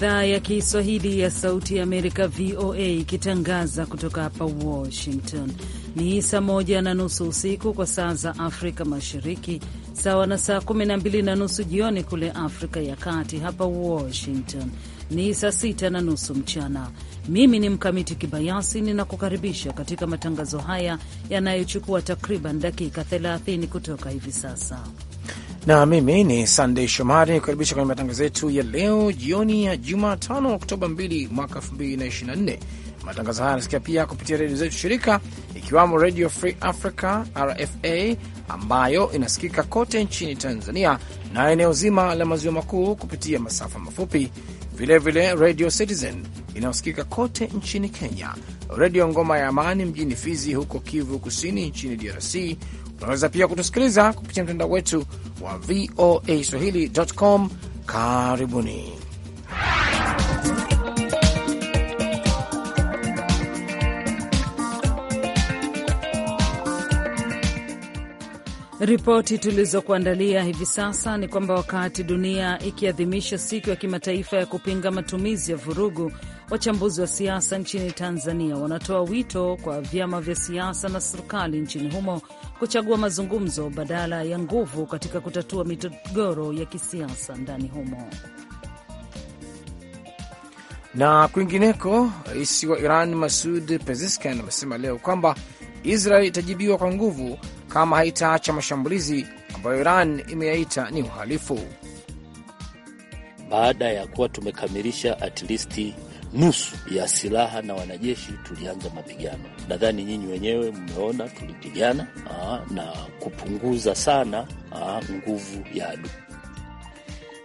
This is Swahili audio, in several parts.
idhaa ya Kiswahili ya Sauti ya Amerika, VOA, ikitangaza kutoka hapa Washington. Ni saa moja na nusu usiku kwa saa za Afrika Mashariki, sawa na saa kumi na mbili na nusu jioni kule Afrika ya Kati. Hapa Washington ni saa sita na nusu mchana. Mimi ni Mkamiti Kibayasi, ninakukaribisha katika matangazo haya yanayochukua takriban dakika 30 kutoka hivi sasa na mimi ni Sandey Shomari nikukaribisha kwenye matangazo yetu ya leo jioni ya Jumatano Oktoba 2 mwaka 2024. Matangazo haya yanasikia pia kupitia redio zetu shirika ikiwamo Radio Free Africa RFA ambayo inasikika kote nchini Tanzania na eneo zima la maziwa makuu kupitia masafa mafupi, vilevile vile Radio Citizen inayosikika kote nchini Kenya, Redio Ngoma ya Amani mjini Fizi huko Kivu Kusini nchini DRC. Unaweza pia kutusikiliza kupitia mtandao wetu wa voa swahili.com. Karibuni. Ripoti tulizokuandalia hivi sasa ni kwamba wakati dunia ikiadhimisha siku ya kimataifa ya kupinga matumizi ya vurugu, wachambuzi wa siasa nchini Tanzania wanatoa wito kwa vyama vya siasa na serikali nchini humo kuchagua mazungumzo badala ya nguvu katika kutatua migogoro ya kisiasa ndani humo. Na kwingineko, rais wa Iran Masud Pezeshkian amesema leo kwamba Israel itajibiwa kwa nguvu kama haitaacha mashambulizi ambayo Iran imeyaita ni uhalifu. Baada ya kuwa tumekamilisha at least nusu ya silaha na wanajeshi, tulianza mapigano. Nadhani nyinyi wenyewe mmeona tulipigana aa, na kupunguza sana aa, nguvu ya adui.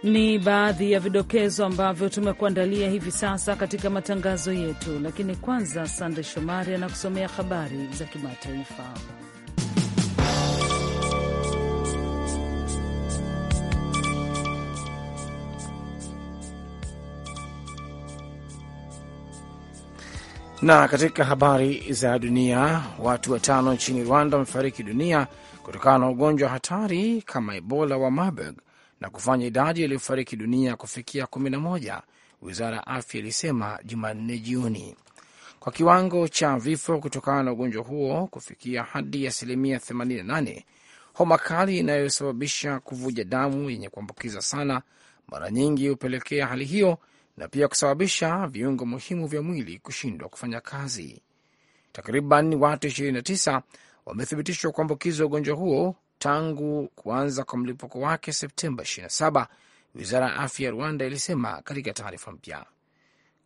Ni baadhi ya vidokezo ambavyo tumekuandalia hivi sasa katika matangazo yetu, lakini kwanza, Sande Shomari anakusomea habari za kimataifa. Na katika habari za dunia, watu watano nchini Rwanda wamefariki dunia kutokana na ugonjwa hatari kama Ebola wa Marburg na kufanya idadi iliyofariki dunia kufikia kumi na moja, wizara ya afya ilisema Jumanne jioni, kwa kiwango cha vifo kutokana na ugonjwa huo kufikia hadi asilimia 88. Homa kali inayosababisha kuvuja damu yenye kuambukiza sana mara nyingi hupelekea hali hiyo na pia kusababisha viungo muhimu vya mwili kushindwa kufanya kazi. Takriban watu 29 wamethibitishwa kuambukizwa ugonjwa huo tangu kuanza kwa mlipuko wake Septemba 27, wizara ya afya ya Rwanda ilisema katika taarifa mpya.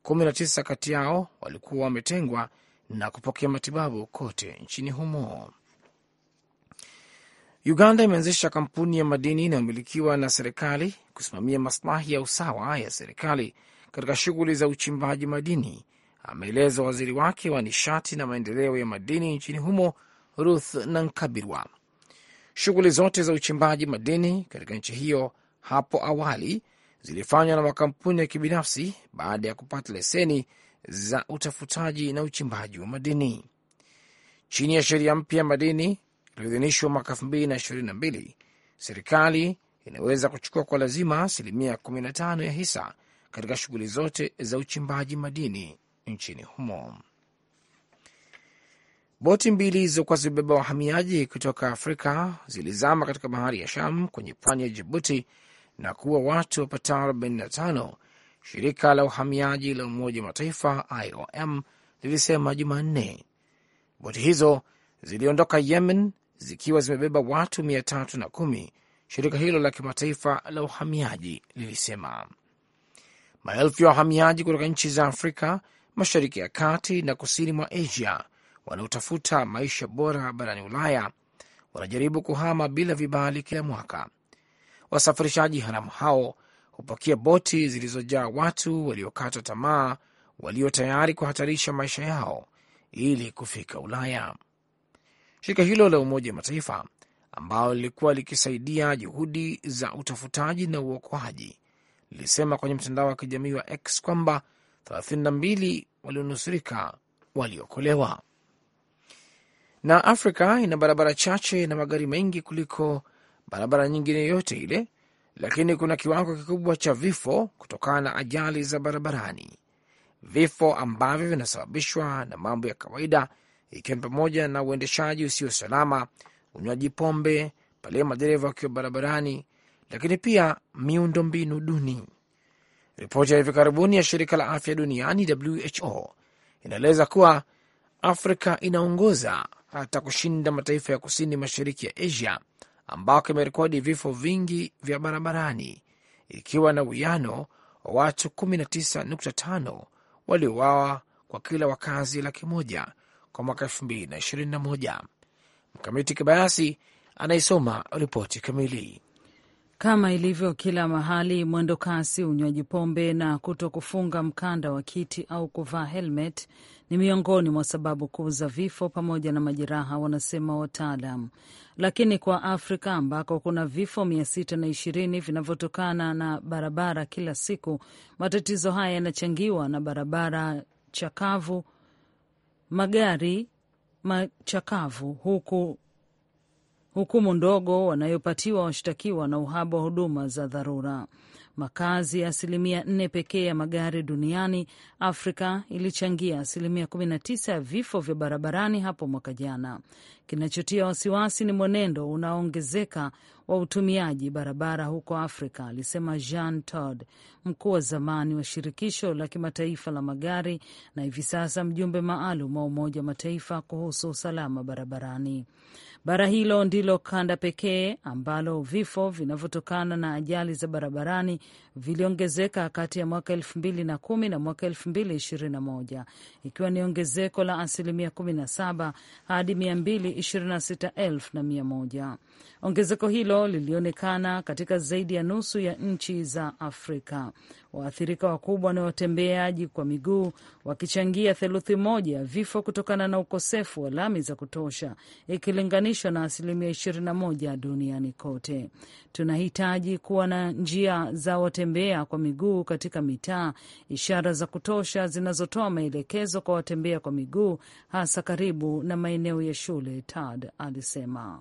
19 kati yao walikuwa wametengwa na kupokea matibabu kote nchini humo. Uganda imeanzisha kampuni ya madini inayomilikiwa na serikali kusimamia maslahi ya usawa ya serikali katika shughuli za uchimbaji madini, ameeleza waziri wake wa nishati na maendeleo ya madini nchini humo Ruth Nankabirwa. Shughuli zote za uchimbaji madini katika nchi hiyo hapo awali zilifanywa na makampuni ya kibinafsi baada ya kupata leseni za utafutaji na uchimbaji wa madini chini ya sheria mpya ya madini iliyoidhinishwa mwaka mbili, Serikali inaweza kuchukua kwa lazima asilimia 15 ya hisa katika shughuli zote za uchimbaji madini nchini humo. Boti mbili zilizokuwa zimebeba wahamiaji kutoka Afrika zilizama katika bahari ya Sham kwenye pwani ya Jibuti na kuwa watu wapatao 45. Shirika la uhamiaji la Umoja wa Mataifa IOM lilisema Jumanne boti hizo ziliondoka Yemen zikiwa zimebeba watu 310, shirika hilo la kimataifa la uhamiaji lilisema. Maelfu ya wahamiaji kutoka nchi za Afrika, Mashariki ya Kati na kusini mwa Asia wanaotafuta maisha bora barani Ulaya wanajaribu kuhama bila vibali kila mwaka. Wasafirishaji haramu hao hupakia boti zilizojaa watu waliokata tamaa, walio tayari kuhatarisha maisha yao ili kufika Ulaya. Shirika hilo la Umoja wa Mataifa ambalo lilikuwa likisaidia juhudi za utafutaji na uokoaji lilisema kwenye mtandao wa kijamii wa X kwamba 32 walionusurika waliokolewa. Na Afrika ina barabara chache na magari mengi kuliko barabara nyingine yoyote ile, lakini kuna kiwango kikubwa cha vifo kutokana na ajali za barabarani, vifo ambavyo vinasababishwa na mambo ya kawaida, ikiwa ni pamoja na uendeshaji usio salama, unywaji pombe, pale madereva wakiwa barabarani lakini pia miundombinu duni. Ripoti ya hivi karibuni ya shirika la afya duniani WHO inaeleza kuwa Afrika inaongoza hata kushinda mataifa ya kusini mashariki ya Asia ambako imerekodi vifo vingi vya barabarani ikiwa na uwiano wa watu 19.5 waliouawa kwa kila wakazi laki moja kwa mwaka 2021. Mkamiti Kibayasi anaisoma ripoti kamili. Kama ilivyo kila mahali, mwendo kasi, unywaji pombe na kuto kufunga mkanda wa kiti au kuvaa helmet ni miongoni mwa sababu kuu za vifo pamoja na majeraha, wanasema wataalam. Lakini kwa Afrika ambako kuna vifo 620 vinavyotokana na barabara kila siku, matatizo haya yanachangiwa na barabara chakavu, magari machakavu, huku hukumu ndogo wanayopatiwa washtakiwa na uhaba wa huduma za dharura. Makazi ya asilimia nne pekee ya magari duniani, Afrika ilichangia asilimia 19 ya vifo vya barabarani hapo mwaka jana. Kinachotia wasiwasi ni mwenendo unaoongezeka wa utumiaji barabara huko Afrika, alisema Jean Todd, mkuu wa zamani wa shirikisho la kimataifa la magari na hivi sasa mjumbe maalum wa Umoja wa Mataifa kuhusu usalama barabarani. Bara hilo ndilo kanda pekee ambalo vifo vinavyotokana na ajali za barabarani viliongezeka kati ya mwaka elfu mbili na kumi na mwaka elfu mbili ishirini na moja ikiwa ni ongezeko la asilimia kumi na saba hadi mia mbili ishirini na sita elfu na mia moja. Ongezeko hilo lilionekana katika zaidi ya nusu ya nchi za Afrika waathirika wakubwa na watembeaji kwa miguu wakichangia theluthi moja ya vifo kutokana na ukosefu wa lami za kutosha ikilinganishwa na asilimia moja duniani kote. Tunahitaji kuwa na njia za watembea kwa miguu katika mitaa, ishara za kutosha zinazotoa maelekezo kwa watembea kwa miguu, hasa karibu na maeneo ya shule, Tad alisema.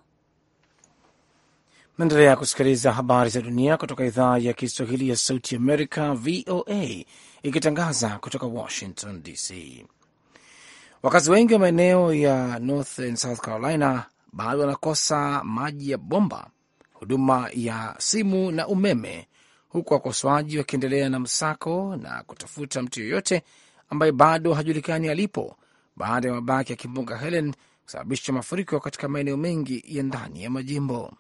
Naendelea kusikiliza habari za dunia kutoka idhaa ya Kiswahili ya Sauti Amerika, VOA, ikitangaza kutoka Washington DC. Wakazi wengi wa maeneo ya North and South Carolina bado wanakosa maji ya bomba, huduma ya simu na umeme, huku wakosoaji wakiendelea na msako na kutafuta mtu yoyote ambaye bado hajulikani alipo baada ya mabaki ya kimbunga Helen kusababisha mafuriko katika maeneo mengi ya ndani ya majimbo.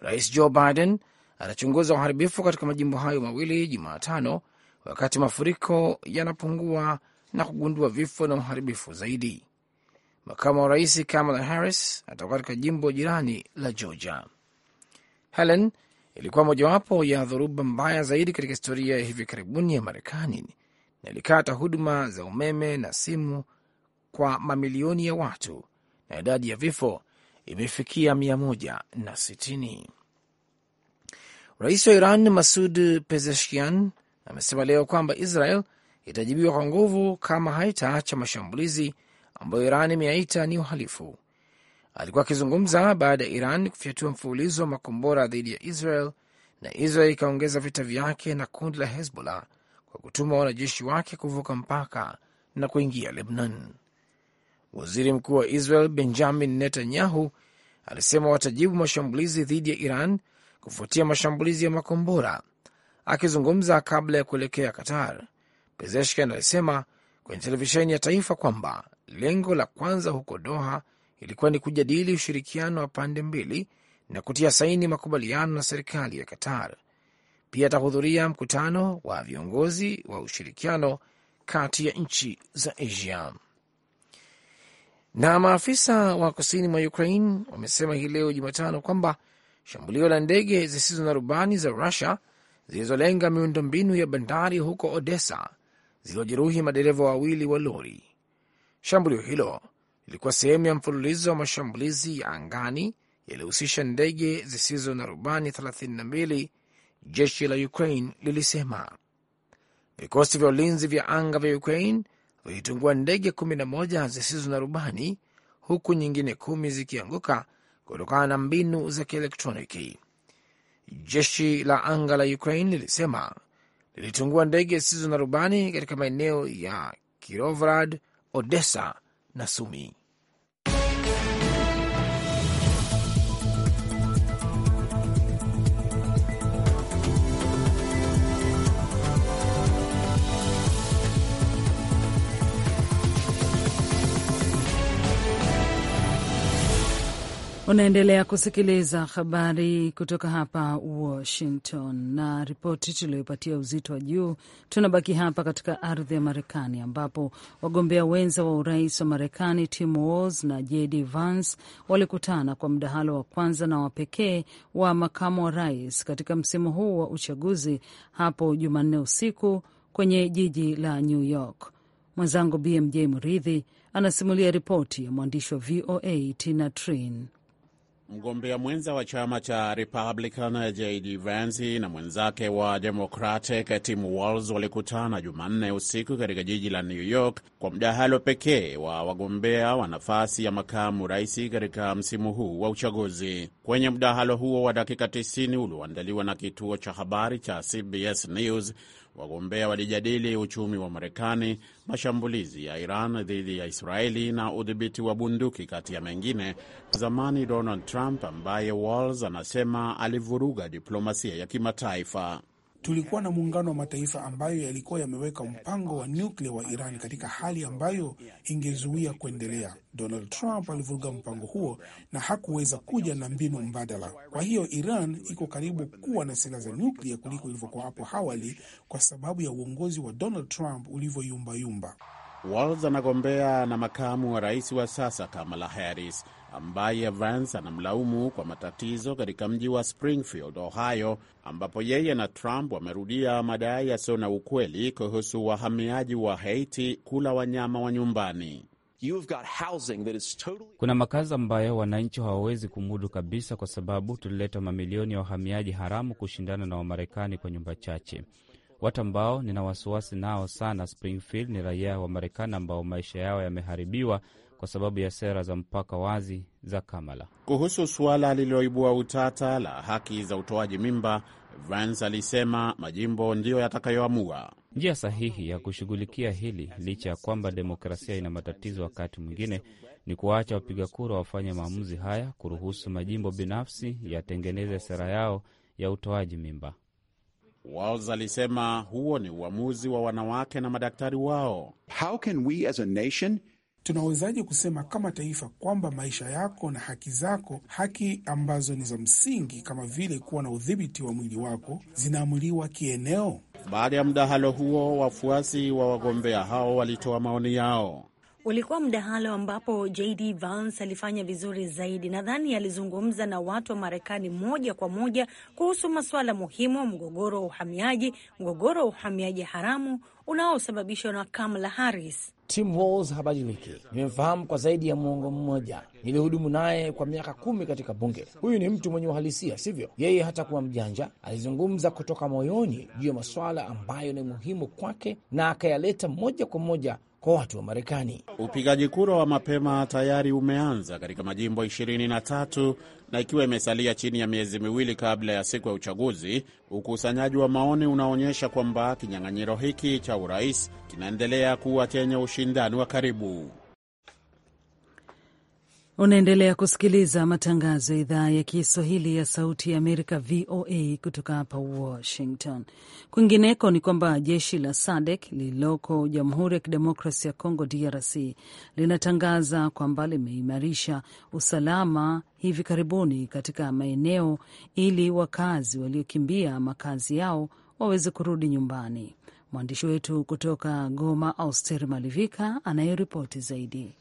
Rais Joe Biden atachunguza uharibifu katika majimbo hayo mawili Jumatano, wakati mafuriko yanapungua na kugundua vifo na uharibifu zaidi. Makamu wa rais Kamala Harris atakuwa katika jimbo jirani la Georgia. Helen ilikuwa mojawapo ya dhoruba mbaya zaidi katika historia ya hivi karibuni ya Marekani na ilikata huduma za umeme na simu kwa mamilioni ya watu na idadi ya vifo imefikia 160. Rais wa Iran Masud Pezeshkian amesema leo kwamba Israel itajibiwa kwa nguvu kama haitaacha mashambulizi ambayo Iran imeyaita ni uhalifu. Alikuwa akizungumza baada ya Iran kufyatua mfululizo wa makombora dhidi ya Israel na Israel ikaongeza vita vyake na kundi la Hezbollah kwa kutuma wanajeshi wake kuvuka mpaka na kuingia Lebanon. Waziri mkuu wa Israel Benjamin Netanyahu alisema watajibu mashambulizi dhidi ya Iran kufuatia mashambulizi ya makombora. Akizungumza kabla ya kuelekea Qatar, Pezeshkian alisema kwenye televisheni ya taifa kwamba lengo la kwanza huko Doha ilikuwa ni kujadili ushirikiano wa pande mbili na kutia saini makubaliano na serikali ya Qatar. Pia atahudhuria mkutano wa viongozi wa ushirikiano kati ya nchi za Asia. Na maafisa wa kusini mwa Ukraine wamesema hii leo Jumatano kwamba shambulio la ndege zisizo na rubani za Rusia zilizolenga miundombinu ya bandari huko Odessa zilizojeruhi madereva wawili wa lori. Shambulio hilo lilikuwa sehemu ya mfululizo wa mashambulizi ya angani yaliyohusisha ndege zisizo na rubani 32, jeshi la Ukraine lilisema. Vikosi vya ulinzi vya anga vya Ukraine vilitungua ndege kumi na moja zisizo na rubani huku nyingine kumi zikianguka kutokana na mbinu za kielektroniki. Jeshi la anga la Ukraine lilisema lilitungua ndege zisizo na rubani katika maeneo ya Kirovrad, Odessa na Sumi. Unaendelea kusikiliza habari kutoka hapa Washington na ripoti tuliyoipatia uzito wa juu. Tunabaki hapa katika ardhi ya Marekani ambapo wagombea wenza wa urais wa Marekani Tim Walz na JD Vance walikutana kwa mdahalo wa kwanza na wa pekee wa makamu wa rais katika msimu huu wa uchaguzi hapo Jumanne usiku kwenye jiji la New York. Mwenzangu BMJ Muridhi anasimulia ripoti ya mwandishi wa VOA Tina Trin. Mgombea mwenza wa chama cha Republican JD Vance na mwenzake wa Democratic Tim Walz walikutana Jumanne usiku katika jiji la New York kwa mdahalo pekee wa wagombea wa nafasi ya makamu rais katika msimu huu wa uchaguzi. Kwenye mdahalo huo wa dakika 90 ulioandaliwa na kituo cha habari cha CBS News Wagombea walijadili uchumi wa Marekani, mashambulizi ya Iran dhidi ya Israeli na udhibiti wa bunduki, kati ya mengine. Zamani Donald Trump ambaye Walls anasema alivuruga diplomasia ya kimataifa. Tulikuwa na muungano wa mataifa ambayo yalikuwa yameweka mpango wa nyuklia wa Iran katika hali ambayo ingezuia kuendelea. Donald Trump alivuruga mpango huo na hakuweza kuja na mbinu mbadala. Kwa hiyo Iran iko karibu kuwa na silaha za nyuklia kuliko ilivyokuwa hapo awali, kwa sababu ya uongozi wa Donald Trump ulivyoyumbayumba. Walz anagombea na makamu wa rais wa sasa Kamala Harris ambaye Vance anamlaumu kwa matatizo katika mji wa Springfield, Ohio, ambapo yeye na Trump wamerudia madai yasiyo na ukweli kuhusu wahamiaji wa Haiti kula wanyama wa nyumbani. Totally... kuna makazi ambayo wananchi hawawezi kumudu kabisa, kwa sababu tulileta mamilioni ya wahamiaji haramu kushindana na Wamarekani kwa nyumba chache. Watu ambao nina wasiwasi nao sana Springfield ni raia wa Marekani ambao maisha yao yameharibiwa kwa sababu ya sera za mpaka wazi za Kamala. Kuhusu suala lililoibua utata la haki za utoaji mimba, Vance alisema majimbo ndiyo yatakayoamua njia sahihi ya kushughulikia hili. Licha ya kwamba demokrasia ina matatizo wakati mwingine, ni kuwaacha wapiga kura wafanye maamuzi haya, kuruhusu majimbo binafsi yatengeneze sera yao ya utoaji mimba. Walls alisema huo ni uamuzi wa wanawake na madaktari wao. How can we as a nation Tunawezaje kusema kama taifa kwamba maisha yako na haki zako, haki ambazo ni za msingi kama vile kuwa na udhibiti wa mwili wako, zinaamuliwa kieneo? Baada ya mdahalo huo, wafuasi wa wagombea hao walitoa maoni yao. Ulikuwa mdahalo ambapo JD Vance alifanya vizuri zaidi. Nadhani alizungumza na watu wa Marekani moja kwa moja kuhusu masuala muhimu: mgogoro wa uhamiaji, mgogoro wa uhamiaji haramu, unaosababishwa na Kamala Harris. Tim Walz habadiliki. Nimemfahamu kwa zaidi ya mwongo mmoja, nilihudumu naye kwa miaka kumi katika bunge. Huyu ni mtu mwenye uhalisia, sivyo? Yeye hata kuwa mjanja, alizungumza kutoka moyoni juu ya masuala ambayo ni muhimu kwake na akayaleta moja kwa moja kwa watu wa Marekani. Upigaji kura wa mapema tayari umeanza katika majimbo 23 na ikiwa imesalia chini ya miezi miwili kabla ya siku ya uchaguzi, ukusanyaji wa maoni unaonyesha kwamba kinyang'anyiro hiki cha urais kinaendelea kuwa chenye ushindani wa karibu. Unaendelea kusikiliza matangazo ya idhaa ya Kiswahili ya Sauti ya Amerika, VOA, kutoka hapa Washington. Kwingineko ni kwamba jeshi la SADEK lililoko Jamhuri ya Kidemokrasi ya Kongo, DRC, linatangaza kwamba limeimarisha usalama hivi karibuni katika maeneo ili wakazi waliokimbia makazi yao waweze kurudi nyumbani. Mwandishi wetu kutoka Goma, Auster Malivika, anayeripoti zaidi.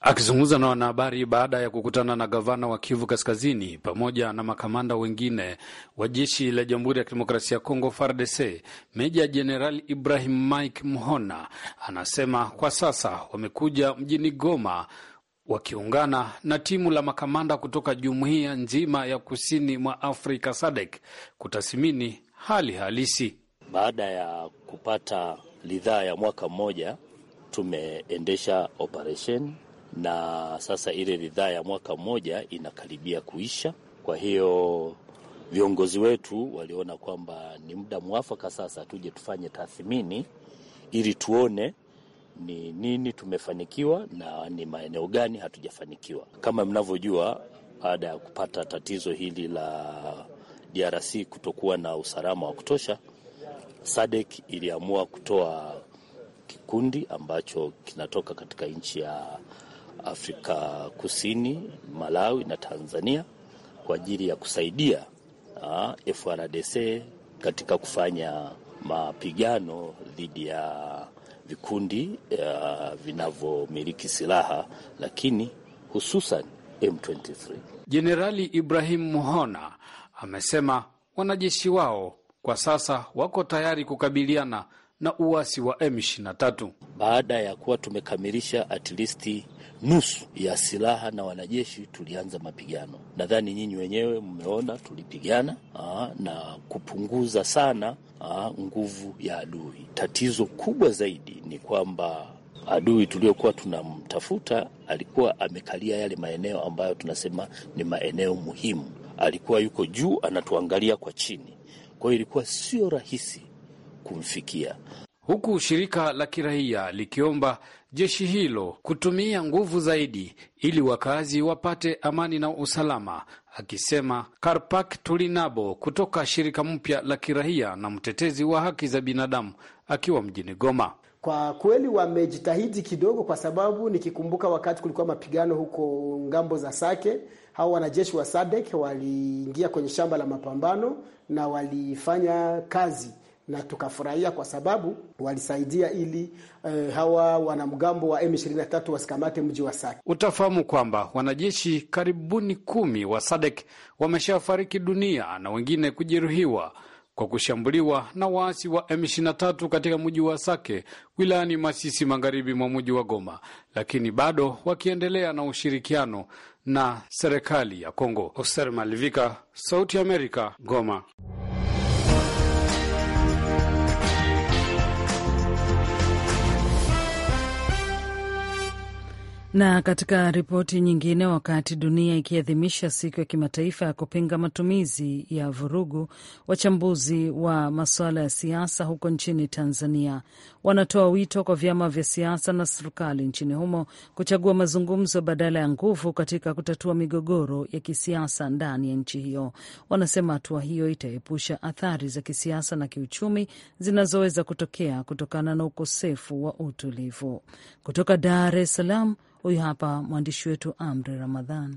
Akizungumza na wanahabari baada ya kukutana na gavana wa Kivu Kaskazini pamoja na makamanda wengine wa jeshi la Jamhuri ya Kidemokrasia ya Kongo, FARDC, Meja Jenerali Ibrahim Mike Mhona anasema kwa sasa wamekuja mjini Goma wakiungana na timu la makamanda kutoka jumuiya nzima ya kusini mwa Afrika SADC kutathmini hali halisi. Baada ya kupata ridhaa ya mwaka mmoja, tumeendesha operesheni na sasa ile ridhaa ya mwaka mmoja inakaribia kuisha. Kwa hiyo viongozi wetu waliona kwamba ni muda mwafaka sasa tuje tufanye tathmini ili tuone ni nini tumefanikiwa na ni maeneo gani hatujafanikiwa. Kama mnavyojua, baada ya kupata tatizo hili la DRC kutokuwa na usalama wa kutosha, SADC iliamua kutoa kikundi ambacho kinatoka katika nchi ya Afrika Kusini, Malawi na Tanzania kwa ajili ya kusaidia uh, ah, FRDC katika kufanya mapigano dhidi ya vikundi uh, vinavyomiliki silaha lakini hususan M23. Jenerali Ibrahim Muhona amesema wanajeshi wao kwa sasa wako tayari kukabiliana na uasi wa M23. Baada ya kuwa tumekamilisha at least nusu ya silaha na wanajeshi, tulianza mapigano. Nadhani nyinyi wenyewe mmeona tulipigana aa, na kupunguza sana aa, nguvu ya adui. Tatizo kubwa zaidi ni kwamba adui tuliokuwa tunamtafuta alikuwa amekalia yale maeneo ambayo tunasema ni maeneo muhimu. Alikuwa yuko juu anatuangalia kwa chini, kwa hiyo ilikuwa sio rahisi kumfikia, huku shirika la kiraia likiomba jeshi hilo kutumia nguvu zaidi ili wakazi wapate amani na usalama, akisema Karpak Tulinabo kutoka shirika mpya la kiraia na mtetezi wa haki za binadamu akiwa mjini Goma. Kwa kweli wamejitahidi kidogo, kwa sababu nikikumbuka wakati kulikuwa mapigano huko ngambo za Sake, hao wanajeshi wa Sadek waliingia kwenye shamba la mapambano na walifanya kazi na tukafurahia kwa sababu walisaidia ili e, hawa wanamgambo wa M23 wasikamate mji wa Sake. Utafahamu kwamba wanajeshi karibuni kumi wa Sadek wameshafariki dunia na wengine kujeruhiwa kwa kushambuliwa na waasi wa M23 katika mji wa Sake wilayani Masisi magharibi mwa mji wa Goma, lakini bado wakiendelea na ushirikiano na serikali ya Kongo. Oser Malivika, Sauti ya Amerika, Goma. Na katika ripoti nyingine, wakati dunia ikiadhimisha siku ya kimataifa ya kupinga matumizi ya vurugu, wachambuzi wa masuala ya siasa huko nchini Tanzania wanatoa wito kwa vyama vya siasa na serikali nchini humo kuchagua mazungumzo badala ya nguvu katika kutatua migogoro ya kisiasa ndani ya nchi hiyo. Wanasema hatua hiyo itaepusha athari za kisiasa na kiuchumi zinazoweza kutokea kutokana na ukosefu wa utulivu. Kutoka Dar es Salaam Huyu hapa mwandishi wetu Amri Ramadhan.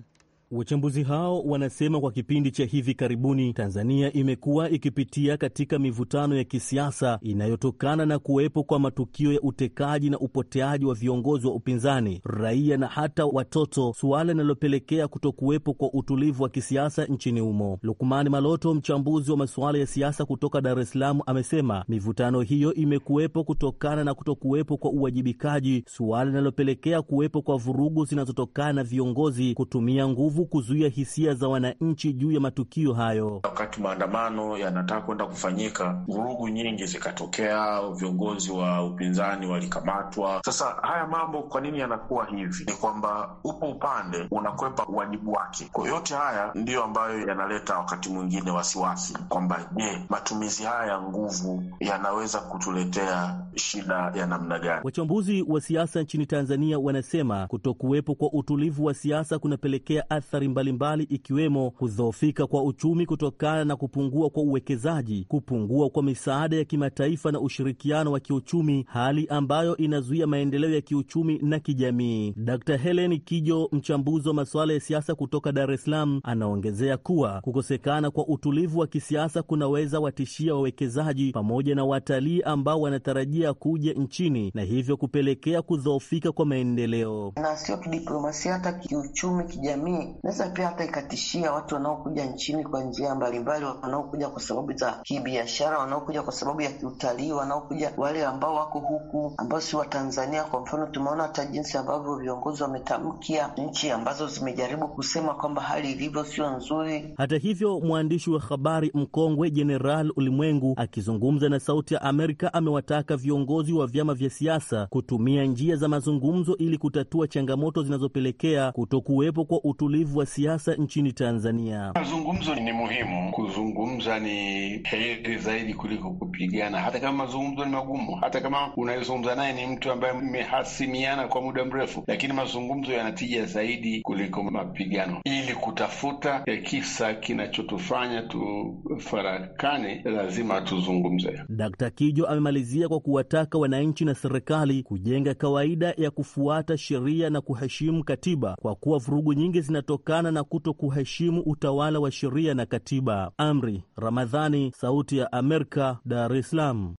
Wachambuzi hao wanasema kwa kipindi cha hivi karibuni Tanzania imekuwa ikipitia katika mivutano ya kisiasa inayotokana na kuwepo kwa matukio ya utekaji na upoteaji wa viongozi wa upinzani, raia na hata watoto, suala linalopelekea kutokuwepo kwa utulivu wa kisiasa nchini humo. Lukmani Maloto, mchambuzi wa masuala ya siasa kutoka Dar es Salaam, amesema mivutano hiyo imekuwepo kutokana na kutokuwepo kwa uwajibikaji, suala linalopelekea kuwepo kwa vurugu zinazotokana na viongozi kutumia nguvu nguvu kuzuia hisia za wananchi juu ya matukio hayo. Wakati maandamano yanataka kwenda kufanyika, vurugu nyingi zikatokea, viongozi wa upinzani walikamatwa. Sasa haya mambo kwa nini yanakuwa hivi? Ni kwamba upo upande unakwepa uwajibu wake. Kwa yote haya ndiyo ambayo yanaleta wakati mwingine wasiwasi kwamba je, matumizi haya ya nguvu yanaweza kutuletea shida ya namna gani? Wachambuzi wa siasa nchini Tanzania wanasema kutokuwepo kwa utulivu wa siasa kunapelekea athari mbalimbali ikiwemo kudhoofika kwa uchumi kutokana na kupungua kwa uwekezaji, kupungua kwa misaada ya kimataifa na ushirikiano wa kiuchumi, hali ambayo inazuia maendeleo ya kiuchumi na kijamii. Dr. Helen Kijo, mchambuzi wa masuala ya siasa kutoka Dar es Salaam, anaongezea kuwa kukosekana kwa utulivu wa kisiasa kunaweza watishia wawekezaji pamoja na watalii ambao wanatarajia kuja nchini na hivyo kupelekea kudhoofika kwa maendeleo. Na sio kidiplomasia, hata kiuchumi, kijamii naweza pia hata ikatishia watu wanaokuja nchini kwa njia mbalimbali, wanaokuja kwa sababu za kibiashara, wanaokuja kwa sababu ya kiutalii, wanaokuja wale ambao wako huku ambao si Watanzania. Kwa mfano, tumeona hata jinsi ambavyo viongozi wametamkia nchi ambazo zimejaribu kusema kwamba hali ilivyo sio nzuri. Hata hivyo, mwandishi wa habari mkongwe Jeneral Ulimwengu akizungumza na Sauti ya Amerika amewataka viongozi wa vyama vya siasa kutumia njia za mazungumzo ili kutatua changamoto zinazopelekea kutokuwepo kwa utulivu utulivu wa siasa nchini Tanzania. Mazungumzo ni muhimu, kuzungumza ni heri zaidi kuliko kupigana, hata kama mazungumzo ni magumu, hata kama unayozungumza naye ni mtu ambaye mmehasimiana kwa muda mrefu, lakini mazungumzo yanatija zaidi kuliko mapigano, ili kutafuta eh, kisa kinachotufanya tufarakane, lazima tuzungumze. Dkt. Kijo amemalizia kwa kuwataka wananchi na serikali kujenga kawaida ya kufuata sheria na kuheshimu katiba kwa kuwa vurugu nyingi zinatokea kutokana na kuto kuheshimu utawala wa sheria na katiba. Amri Ramadhani, Sauti ya Amerika, Dar es Salaam.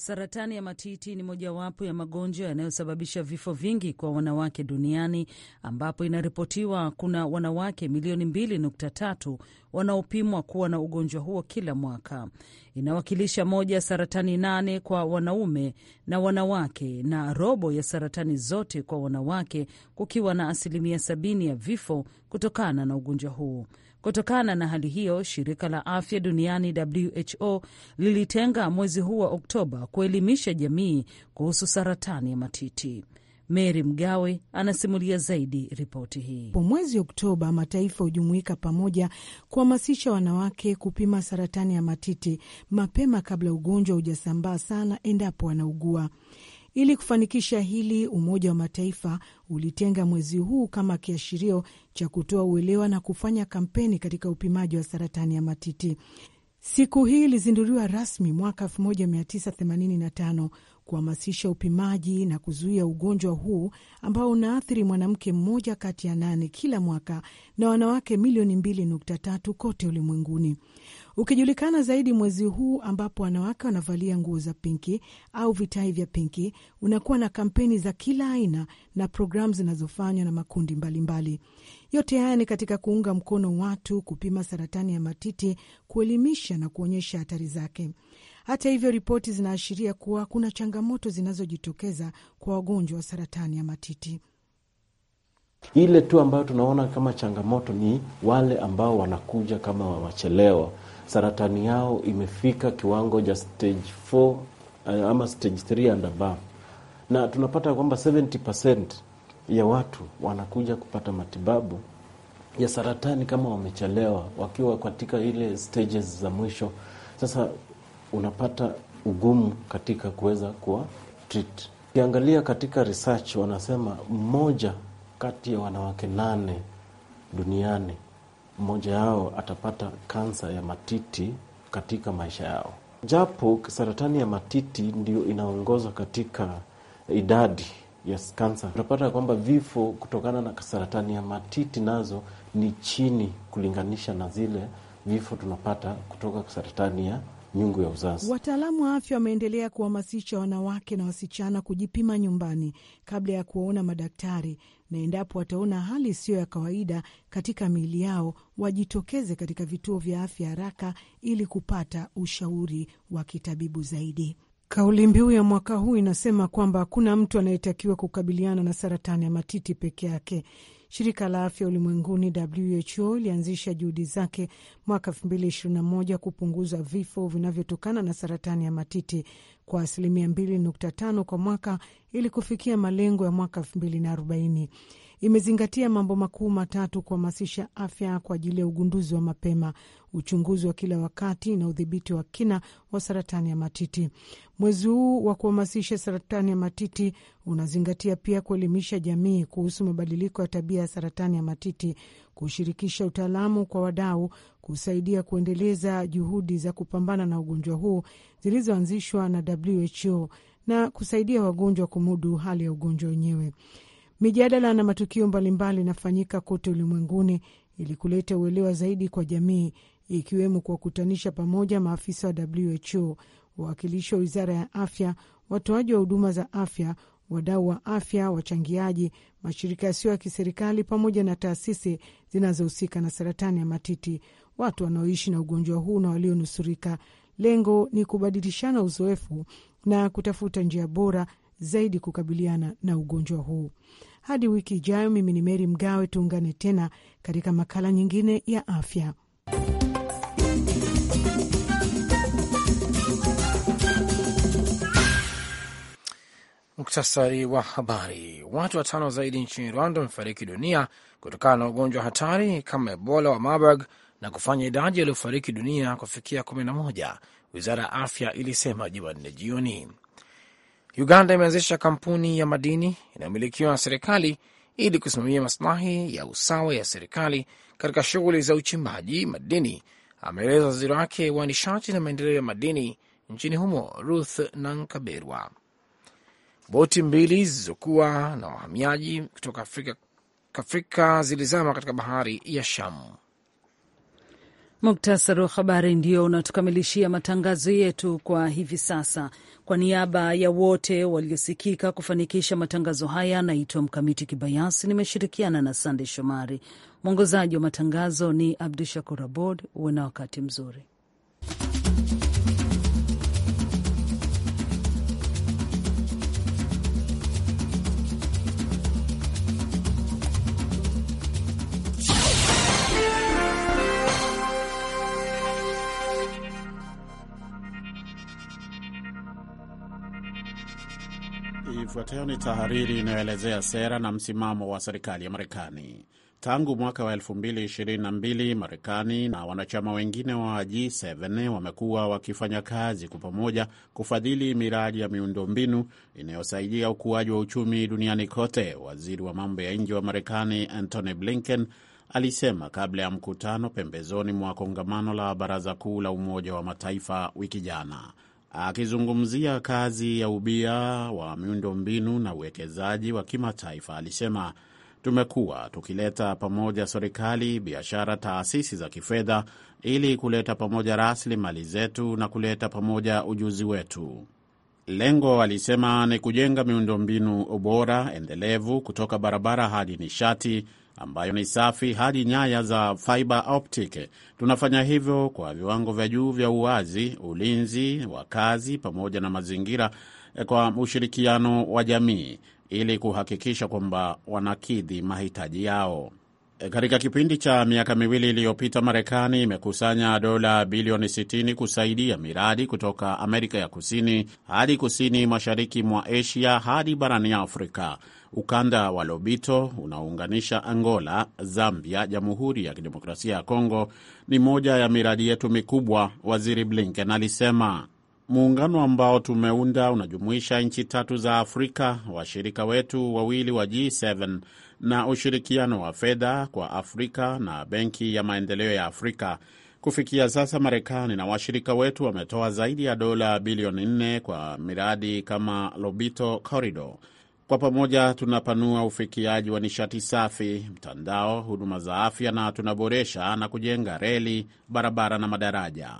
Saratani ya matiti ni mojawapo ya magonjwa yanayosababisha vifo vingi kwa wanawake duniani, ambapo inaripotiwa kuna wanawake milioni 2.3 wanaopimwa kuwa na ugonjwa huo kila mwaka. Inawakilisha moja ya saratani nane kwa wanaume na wanawake na robo ya saratani zote kwa wanawake, kukiwa na asilimia sabini ya vifo kutokana na ugonjwa huo. Kutokana na hali hiyo, shirika la afya duniani WHO lilitenga mwezi huu wa Oktoba kuelimisha jamii kuhusu saratani ya matiti. Mary Mgawe anasimulia zaidi ripoti hii. Kwa mwezi Oktoba, mataifa hujumuika pamoja kuhamasisha wanawake kupima saratani ya matiti mapema kabla ugonjwa hujasambaa sana, endapo wanaugua. Ili kufanikisha hili, Umoja wa Mataifa ulitenga mwezi huu kama kiashirio cha kutoa uelewa na kufanya kampeni katika upimaji wa saratani ya matiti. Siku hii ilizinduliwa rasmi mwaka 1985 kuhamasisha upimaji na kuzuia ugonjwa huu ambao unaathiri mwanamke mmoja kati ya nane kila mwaka na wanawake milioni 2.3 kote ulimwenguni ukijulikana zaidi mwezi huu ambapo wanawake wanavalia nguo za pinki au vitai vya pinki. Unakuwa na kampeni za kila aina na programu zinazofanywa na makundi mbalimbali mbali. Yote haya ni katika kuunga mkono watu kupima saratani ya matiti, kuelimisha na kuonyesha hatari zake. Hata hivyo, ripoti zinaashiria kuwa kuna changamoto zinazojitokeza kwa wagonjwa wa saratani ya matiti. Ile tu ambayo tunaona kama changamoto ni wale ambao wanakuja kama wamechelewa, saratani yao imefika kiwango cha stage 4 eh, ama stage 3 and above, na tunapata kwamba 70% ya watu wanakuja kupata matibabu ya saratani kama wamechelewa, wakiwa katika ile stages za mwisho. Sasa unapata ugumu katika kuweza kuwa treat. Ukiangalia katika research wanasema mmoja kati ya wanawake nane duniani mmoja yao atapata kansa ya matiti katika maisha yao, japo saratani ya matiti ndio inaongozwa katika idadi ya yes, kansa. Utapata kwamba vifo kutokana na saratani ya matiti nazo ni chini kulinganisha na zile vifo tunapata kutoka saratani ya nyungu ya uzazi. Wataalamu wa afya wameendelea kuhamasisha wanawake na wasichana kujipima nyumbani kabla ya kuwaona madaktari, na endapo wataona hali isiyo ya kawaida katika miili yao wajitokeze katika vituo vya afya haraka ili kupata ushauri wa kitabibu zaidi. Kauli mbiu ya mwaka huu inasema kwamba hakuna mtu anayetakiwa kukabiliana na saratani ya matiti peke yake. Shirika la Afya Ulimwenguni WHO ilianzisha juhudi zake mwaka 2021 kupunguza vifo vinavyotokana na saratani ya matiti kwa asilimia 2.5 kwa mwaka ili kufikia malengo ya mwaka 2040 imezingatia mambo makuu matatu: kuhamasisha afya kwa ajili ya ugunduzi wa mapema, uchunguzi wa kila wakati na udhibiti wa kina wa saratani ya matiti. Mwezi huu wa kuhamasisha saratani ya matiti unazingatia pia kuelimisha jamii kuhusu mabadiliko ya tabia ya saratani ya matiti, kushirikisha utaalamu kwa wadau, kusaidia kuendeleza juhudi za kupambana na ugonjwa huu zilizoanzishwa na WHO na kusaidia wagonjwa kumudu hali ya ugonjwa wenyewe. Mijadala na matukio mbalimbali inafanyika kote ulimwenguni ili kuleta uelewa zaidi kwa jamii, ikiwemo kuwakutanisha pamoja maafisa wa WHO, wawakilishi wa wizara ya afya, watoaji wa huduma za afya, wadau wa afya, wachangiaji, mashirika yasiyo ya kiserikali, pamoja na taasisi zinazohusika na saratani ya matiti, watu wanaoishi na ugonjwa huu na walionusurika. Lengo ni kubadilishana uzoefu na kutafuta njia bora zaidi kukabiliana na ugonjwa huu. Hadi wiki ijayo, mimi ni Meri Mgawe, tuungane tena katika makala nyingine ya afya. Muktasari wa habari. Watu watano zaidi nchini Rwanda wamefariki dunia kutokana na ugonjwa hatari kama Ebola wa Marburg na kufanya idadi yaliyofariki dunia kufikia 11, wizara ya afya ilisema Jumanne jioni. Uganda imeanzisha kampuni ya madini inayomilikiwa na serikali ili kusimamia maslahi ya usawa ya serikali katika shughuli za uchimbaji madini, ameeleza waziri wake wa nishati na maendeleo ya madini nchini humo Ruth Nankaberwa. Boti mbili zilizokuwa na wahamiaji kutoka Afrika, Afrika zilizama katika bahari ya Shamu. Muktasari wa habari ndio unatukamilishia matangazo yetu kwa hivi sasa. Kwa niaba ya wote waliosikika kufanikisha matangazo haya, naitwa Mkamiti Kibayasi, nimeshirikiana na Sande Shomari. Mwongozaji wa matangazo ni Abdu Shakur Abod. Uwe na wakati mzuri. Ifuatayo ni tahariri inayoelezea sera na msimamo wa serikali ya Marekani. Tangu mwaka wa 2022 Marekani na wanachama wengine wa G7 wamekuwa wakifanya kazi kwa pamoja kufadhili miradi ya miundombinu inayosaidia ukuaji wa uchumi duniani kote, waziri wa mambo ya nje wa Marekani Antony Blinken alisema kabla ya mkutano pembezoni mwa kongamano la Baraza Kuu la Umoja wa Mataifa wiki jana. Akizungumzia kazi ya ubia wa miundo mbinu na uwekezaji wa kimataifa, alisema tumekuwa tukileta pamoja serikali, biashara, taasisi za kifedha ili kuleta pamoja rasilimali zetu na kuleta pamoja ujuzi wetu. Lengo, alisema, ni kujenga miundombinu bora endelevu kutoka barabara hadi nishati ambayo ni safi hadi nyaya za fiber optic. Tunafanya hivyo kwa viwango vya juu vya uwazi, ulinzi wa kazi pamoja na mazingira, eh, kwa ushirikiano wa jamii ili kuhakikisha kwamba wanakidhi mahitaji yao. Eh, katika kipindi cha miaka miwili iliyopita, Marekani imekusanya dola bilioni 60 kusaidia miradi kutoka Amerika ya Kusini hadi kusini mashariki mwa Asia hadi barani Afrika ukanda wa Lobito unaounganisha Angola, Zambia, Jamhuri ya Kidemokrasia ya Kongo ni moja ya miradi yetu mikubwa, Waziri Blinken alisema. Muungano ambao tumeunda unajumuisha nchi tatu za Afrika, washirika wetu wawili wa G7 na ushirikiano wa fedha kwa Afrika na Benki ya Maendeleo ya Afrika. Kufikia sasa, Marekani na washirika wetu wametoa zaidi ya dola bilioni 4 kwa miradi kama Lobito Corridor kwa pamoja tunapanua ufikiaji wa nishati safi, mtandao, huduma za afya, na tunaboresha na kujenga reli, barabara na madaraja.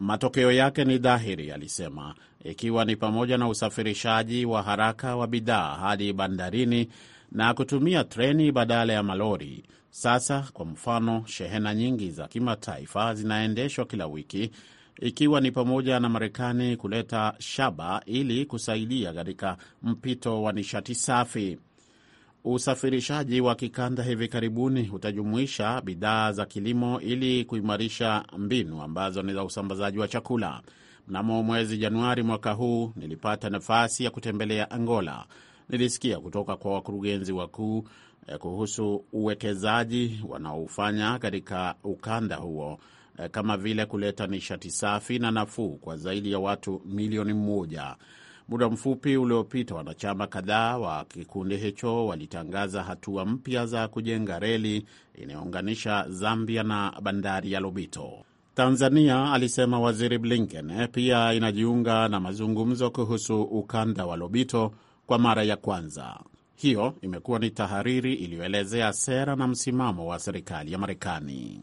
Matokeo yake ni dhahiri, alisema, ikiwa ni pamoja na usafirishaji wa haraka wa bidhaa hadi bandarini na kutumia treni badala ya malori. Sasa, kwa mfano, shehena nyingi za kimataifa zinaendeshwa kila wiki ikiwa ni pamoja na Marekani kuleta shaba ili kusaidia katika mpito wa nishati safi. Usafirishaji wa kikanda hivi karibuni utajumuisha bidhaa za kilimo ili kuimarisha mbinu ambazo ni za usambazaji wa chakula. Mnamo mwezi Januari mwaka huu nilipata nafasi ya kutembelea Angola. Nilisikia kutoka kwa wakurugenzi wakuu eh, kuhusu uwekezaji wanaoufanya katika ukanda huo Eh, kama vile kuleta nishati safi na nafuu kwa zaidi ya watu milioni mmoja Muda mfupi uliopita, wanachama kadhaa wa kikundi hicho walitangaza hatua mpya za kujenga reli inayounganisha Zambia na bandari ya Lobito. Tanzania, alisema Waziri Blinken, eh, pia inajiunga na mazungumzo kuhusu ukanda wa Lobito kwa mara ya kwanza. Hiyo imekuwa ni tahariri iliyoelezea sera na msimamo wa serikali ya Marekani.